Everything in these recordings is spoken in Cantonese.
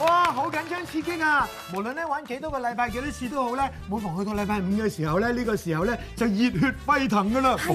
哇，好緊張刺激啊！無論咧玩幾多個禮拜幾多次都好咧，每逢去到禮拜五嘅時候咧，呢、呢個時候咧就熱血沸騰噶啦、啊！其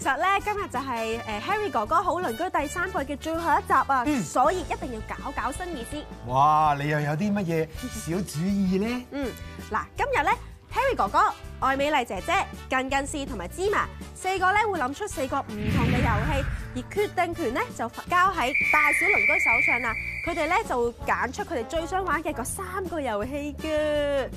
實咧，今日就係誒 Harry 哥哥好鄰居第三季嘅最後一集啊，嗯、所以一定要搞搞新意思！哇，你又有啲乜嘢小主意咧？嗯，嗱，今日咧 Harry 哥哥愛美麗姐姐近近視同埋芝麻。四個咧會諗出四個唔同嘅遊戲，而決定權咧就交喺大小鄰居手上啦。佢哋咧就會揀出佢哋最想玩嘅嗰三個遊戲嘅。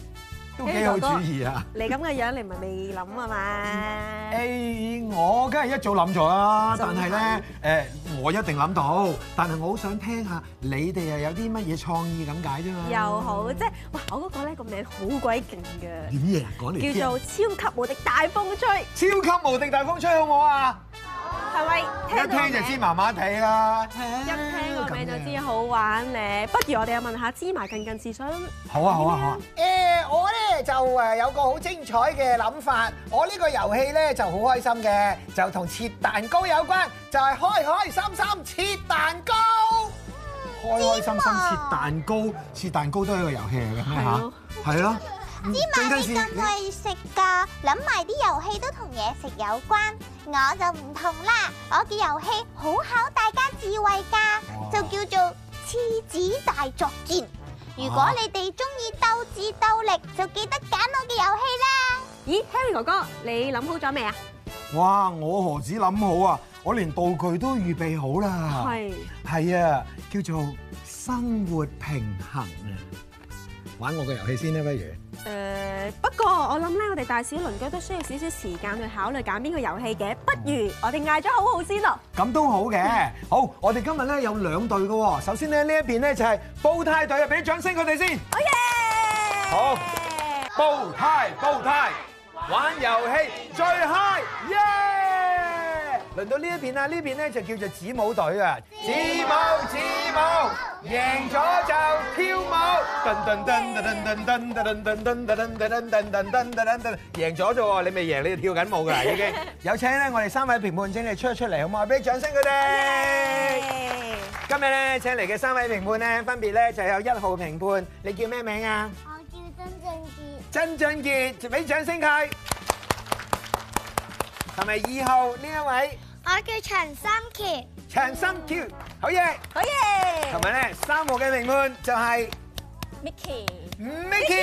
都幾好主意啊！你咁嘅樣，你唔係未諗啊嘛？誒，我梗係一早諗咗啦，但係咧誒，我一定諗到，但係我好想聽下你哋又有啲乜嘢創意咁解啫嘛？又好， 即係哇！我嗰個咧個名好鬼勁嘅，點嘢啊？講嚟。叫做《超級無敵大風吹》。超級無敵大風吹，好唔好啊？一聽就知麻麻哋啦，一聽個名就知好玩咧？不如我哋又問下芝麻近近似想，好啊好啊好啊！誒，我咧就誒有個好精彩嘅諗法，我呢個遊戲咧就好開心嘅，就同切蛋糕有關，就係開開心心切蛋糕，開開心心切蛋糕，切蛋糕都係一個遊戲嚟嘅嚇，係咯。芝麻你咁愛食噶諗埋啲遊戲都同嘢食有關，我就唔同啦。我嘅遊戲好考大家智慧噶就叫做獅子大作戰。啊、如果你哋中意鬥智鬥力，就記得揀我嘅遊戲啦。咦，Harry 哥哥，你諗好咗未啊？哇，我何止諗好啊，我連道具都預備好啦。係係是啊，叫做生活平衡啊。玩我個遊戲先咧，不如？誒，不過我諗咧，我哋大小鄰居都需要少少時間去考慮揀邊個遊戲嘅。不如我哋嗌咗好好先咯。咁都好嘅。好，我哋今日咧有兩隊嘅喎。首先咧呢一邊咧就係煲呔隊啊，俾啲掌聲佢哋先。好嘅。好，煲呔，煲呔，玩遊戲最 high，耶！輪到呢一邊啦，呢邊咧就叫做子母隊啊。子母，子母，贏咗就。噔噔噔噔噔噔噔噔噔噔噔噔噔噔噔噔，贏咗啫喎！你未贏，你跳緊舞噶啦，已經。有請咧，我哋三位評判，請你出一出嚟，好唔好？俾掌聲佢哋。今日咧，請嚟嘅三位評判咧，分別咧就有一號評判，你叫咩名啊？我叫曾俊傑。曾俊傑，就俾掌聲佢。係咪二號呢一位？我叫陳心喬。陳心喬，好嘢，好嘢。同埋咧，三號嘅評判就係。Mickey，Mickey，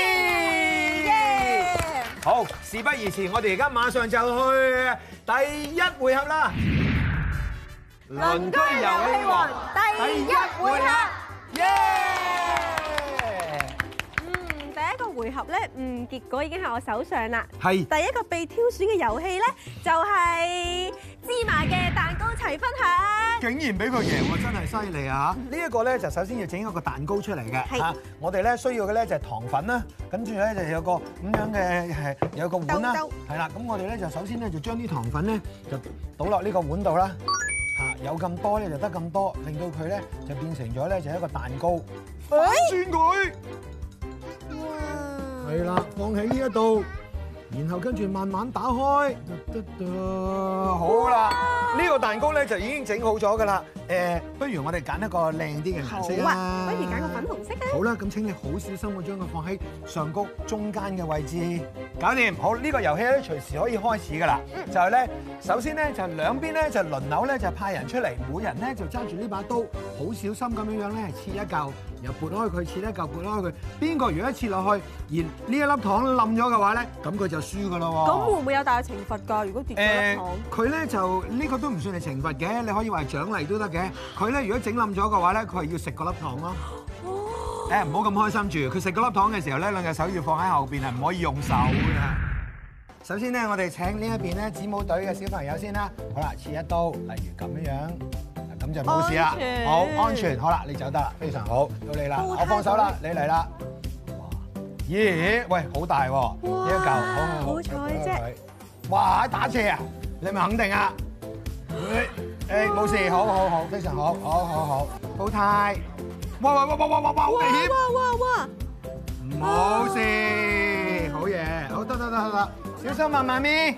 好，事不宜遲，我哋而家馬上就去第一回合啦！鄰 居遊戲王第一回合，耶、yeah！配合咧，嗯，結果已經喺我手上啦。係。第一個被挑選嘅遊戲咧，就係芝麻嘅蛋糕齊分享。竟然俾佢贏喎，真係犀利啊！呢一個咧就首先要整一個蛋糕出嚟嘅嚇。我哋咧需要嘅咧就係糖粉啦，跟住咧就有個咁樣嘅係有個碗啦，係啦。咁我哋咧就首先咧就將啲糖粉咧就倒落呢個碗度啦。嚇，有咁多咧就得咁多，令到佢咧就變成咗咧就係一個蛋糕。反轉佢。係啦，放喺呢一度，然後跟住慢慢打開。好啦了，呢哇個蛋糕咧就已經整好咗噶啦。誒，不如我哋揀一個靚啲嘅顏色啦。不如揀個粉紅色咧。好啦，咁請你好小心咁將佢放喺上高中間嘅位置。搞掂，好，呢個遊戲咧隨時可以開始噶啦。就係咧，首先咧就兩邊咧就輪流咧就派人出嚟，每人咧就揸住呢把刀，好小心咁樣樣咧切一嚿。又撥開佢，切咧就撥開佢。邊個如果切落去而呢一粒糖冧咗嘅話咧，咁佢就輸噶啦喎。咁會唔會有大嘅懲罰㗎？如果跌咗粒糖？誒，佢咧就呢個都唔算係懲罰嘅，你可以話係獎勵都得嘅。佢咧如果整冧咗嘅話咧，佢係要食嗰粒糖咯。哦。誒，唔好咁開心住。佢食嗰粒糖嘅時候咧，兩隻手要放喺後邊，係唔可以用手嘅。首先咧，我哋請呢一邊咧，子母隊嘅小朋友先啦。好啦，切一刀，例如咁樣。咁就冇事啦，好安全，好啦，你走得啦，非常好，到你啦，我放手啦，你嚟啦，哇，咦，喂，好大喎，呢一嚿，好好好，呢一嚿，哇，打斜啊，你咪肯定啊，誒，誒，冇事，好好好，非常好，好好好，好低，哇哇哇哇哇哇，危險，哇哇哇，冇事，好嘢，得得得得得，小心啊，媽咪，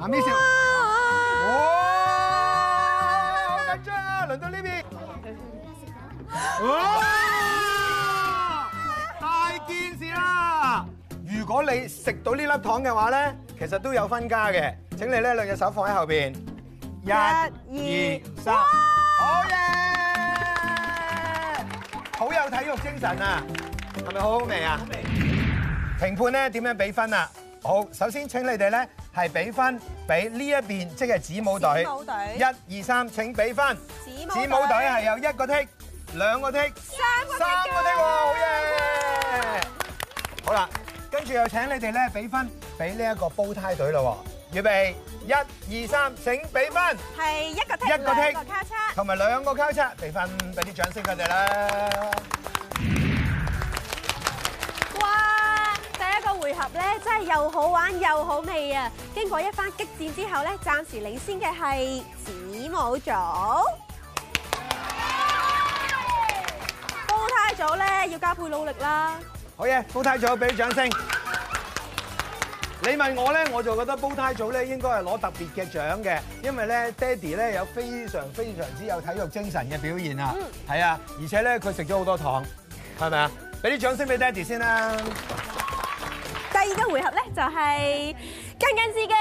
媽咪小心，哦。輪到呢邊，太見事啦！如果你食到呢粒糖嘅話咧，其實都有分加嘅。請你咧兩隻手放喺後邊，一、二、三，好嘢，好有體育精神啊！係咪好好味啊？好味！評判咧點樣俾分啊？好，首先請你哋咧。係俾分俾呢一邊即係子母隊，一二三，請俾分。子母隊係有一個剔，兩個剔，三個剔，三個剔喎，好嘢！好啦，跟住又請你哋咧俾分俾呢一個煲呔隊咯，預備一二三，請俾分。係一個剔，一個剔，同埋兩個交叉，俾分俾啲掌聲佢哋啦。配合咧，真係又好玩又好味啊！經過一番激戰之後咧，暫時領先嘅係子母組，Yeah. 煲胎組咧要加倍努力啦！好嘢，煲胎組俾啲掌聲！ 你問我咧，我就覺得煲胎組咧應該係攞特別嘅獎嘅，因為咧爹哋咧有非常非常之有體育精神嘅表現啊！係啊、mm.，而且咧佢食咗好多糖，係咪啊？俾啲掌聲俾爹哋先啦！而家回合咧、就是，就係近近氏嘅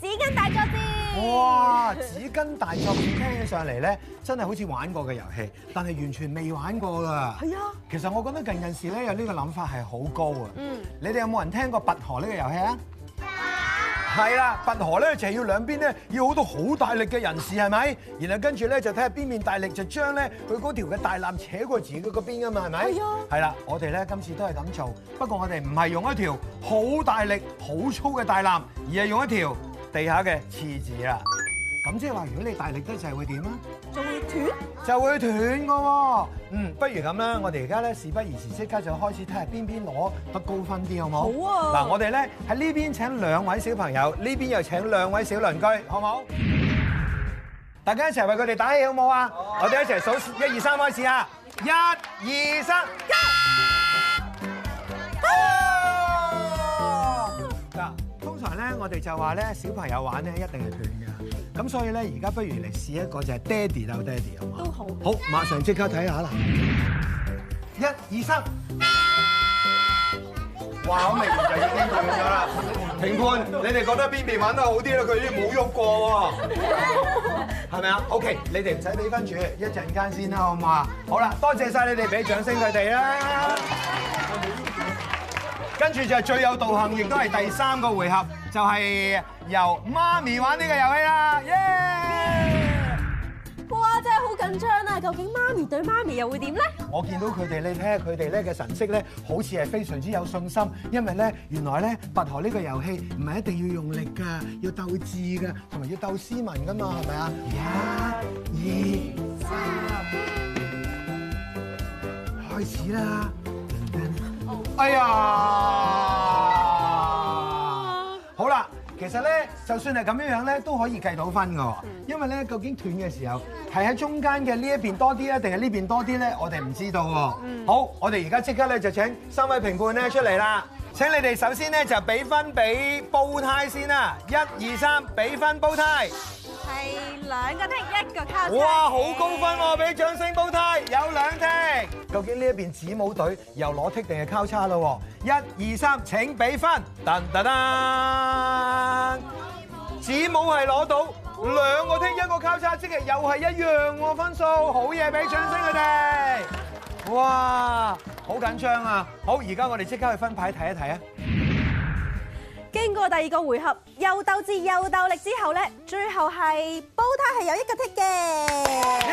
紙巾大作戰。哇！紙巾大作戰聽起上嚟咧，真係好似玩過嘅遊戲，但係完全未玩過㗎。係啊，其實我覺得近近氏咧有呢個諗法係好高啊。嗯，你哋有冇人聽過拔河呢個遊戲啊？係啦，拔河咧就係要兩邊咧要好多好大力嘅人士係咪？然後跟住咧就睇下邊面大力就將咧佢嗰條嘅大纜扯過自己嗰邊噶嘛，係咪？係啊。係啦，我哋咧今次都係咁做，不過我哋唔係用一條好大力，好粗嘅大纜，而係用一條地下嘅廁紙啦。咁即係話，如果你大力得滯會點啊？仲會斷，就會斷，就會斷噶。嗯，不如咁啦，我哋而家咧事不宜遲，即刻就開始睇下邊邊攞得高分啲，好唔好？好啊！嗱，我哋咧喺呢邊請兩位小朋友，呢邊又請兩位小鄰居，好唔好，啊？大家一齊為佢哋打氣，好唔好啊我？我哋一齊數一二三開始 1, 2, 加油啊！一、啊、二、三。嗱，通常咧，我哋就話咧，小朋友玩咧一定係斷噶。咁所以咧，而家不如嚟試一個就係爹哋啦。爹哋，好嘛？都好。好，馬上即刻睇下啦！一二三，哇！好明顯就已經變咗啦。評判，你哋覺得邊邊玩得好啲咧？佢已經冇喐過喎，係咪啊？OK，你哋唔使俾分住，一陣間先啦，好嘛？好啦，多謝晒你哋俾掌聲佢哋啦。跟住就係最有道行，亦都係第三個回合。就係由媽咪玩呢個遊戲啦，耶！哇，真係好緊張啊！究竟媽咪對媽咪又會點咧？我見到佢哋，你睇下佢哋咧嘅神色咧，好似係非常之有信心，因為咧，原來咧拔河呢個遊戲唔係一定要用力㗎，要鬥智㗎，同埋要鬥斯文㗎嘛，係咪啊？一、二、三，開始啦！Oh. 哎呀！其實咧，就算係咁樣樣咧，都可以計到分噶。因為咧，究竟斷嘅時候係喺中間嘅呢一邊多啲啊，定係呢邊多啲咧？我哋唔知道喎。嗯、好，我哋而家即刻咧就請三位評判咧出嚟啦。請你哋首先咧就俾分俾煲胎先啦，一、二、三，俾分煲胎。.係兩個剔一個交叉。哇！好高分喎，俾掌聲報睇，有兩剔。究竟呢一邊子母隊又攞剔定係交叉嘞？一、二、三，請俾分。噔噔噔，子母係攞到兩個剔一個交叉，即係又係一樣分數，好嘢，俾掌聲佢哋。哇，好緊張啊！好，而家我哋即刻去分牌睇一睇啊！經過第二個回合又鬥智又鬥力之後咧，最後係煲呔係有一個剔嘅，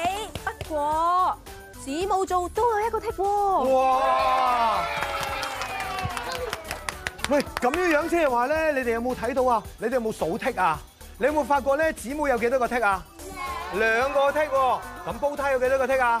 耶！不過姊妹做都有一個剔喎。哇！喂，咁樣樣嘅話咧，你哋有冇睇到啊？你哋有冇數剔啊？你有冇發覺咧姊妹有幾多個剔啊？兩個剔喎，咁煲呔有幾多個剔啊？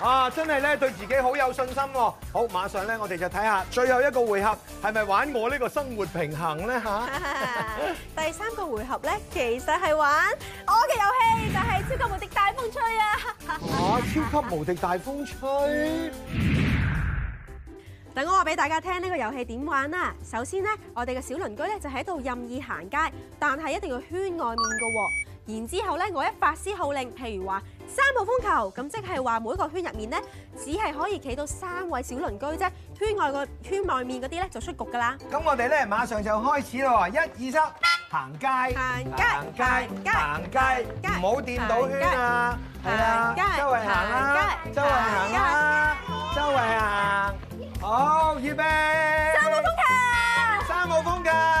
啊！真係咧，對自己好有信心喎、啊。好，馬上咧，我哋就睇下最後一個回合係咪玩我呢個生活平衡咧嚇。 第三個回合咧，其實係玩我嘅遊戲，就係、係《超級無敵大風吹》啊！啊，《超級無敵大風吹》 等我話俾大家聽，呢個遊戲點玩啊？首先咧，我哋嘅小鄰居咧就喺度任意行街，但係一定要圈外面㗎喎。然之後咧，我一發施號令，譬如話三號風球，咁即係話每一個圈入面咧，只係可以企到三位小鄰居啫，圈外個圈外面嗰啲咧就出局㗎啦。咁我哋咧馬上就開始咯，一二三，行街，行街，行街，行街，唔好掂到圈啊，係啊，周圍行啦，周圍行啦，周圍行，好，預備，三號風球，三號風球。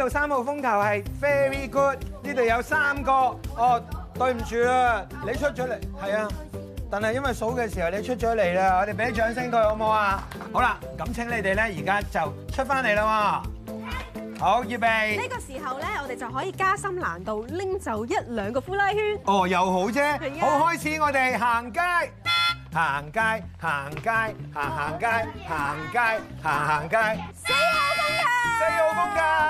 呢度三號風球係 very good，呢度有三個哦，對唔住啊，你出咗嚟，係啊，但係因為數嘅時候你出咗嚟啦，我哋俾啲掌聲佢好唔好啊？好啦，咁請你哋咧而家就出翻嚟啦喎，好預備。呢個時候咧，我哋就可以加深難度，拎走一兩個呼啦圈。哦，又好啫，好，開始我哋行街，行街，行街，行行街，行街，行行街，四號風球，四號風球。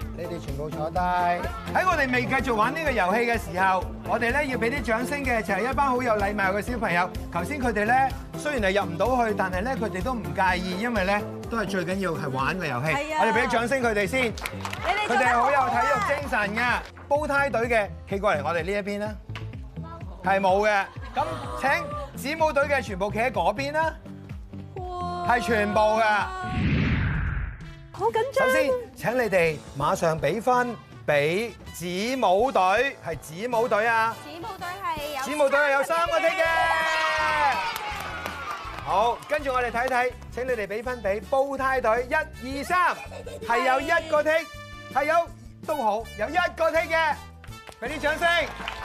你哋全部坐低。喺我哋未繼續玩呢個遊戲嘅時候，我哋咧要俾啲掌聲嘅就係一班好有禮貌嘅小朋友。頭先佢哋咧雖然係入唔到去，但係咧佢哋都唔介意，因為咧都係最緊要係玩個遊戲。我哋俾啲掌聲佢哋先。佢哋係好有體育精神噶。煲呔隊嘅，企過嚟我哋呢一邊啦。係冇嘅。咁請子母隊嘅全部企喺嗰邊啦。係全部嘅。好緊張，首先請你哋馬上俾分俾子母隊，係子母隊啊！子母隊係子母隊係有三個剔嘅。好，跟住我哋睇睇，請你哋俾分俾煲呔隊，一二三，係有一個剔，係有都好有一個剔嘅，俾啲掌聲。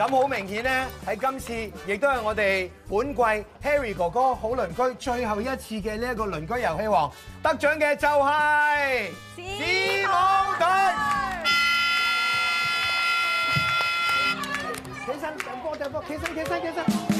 咁好明顯咧，喺今次亦都係我哋本季 Harry 哥哥好鄰居最後一次嘅呢一個鄰居遊戲王得獎嘅就係子舞隊！起身，點歌，點歌，起身，起身，起身。起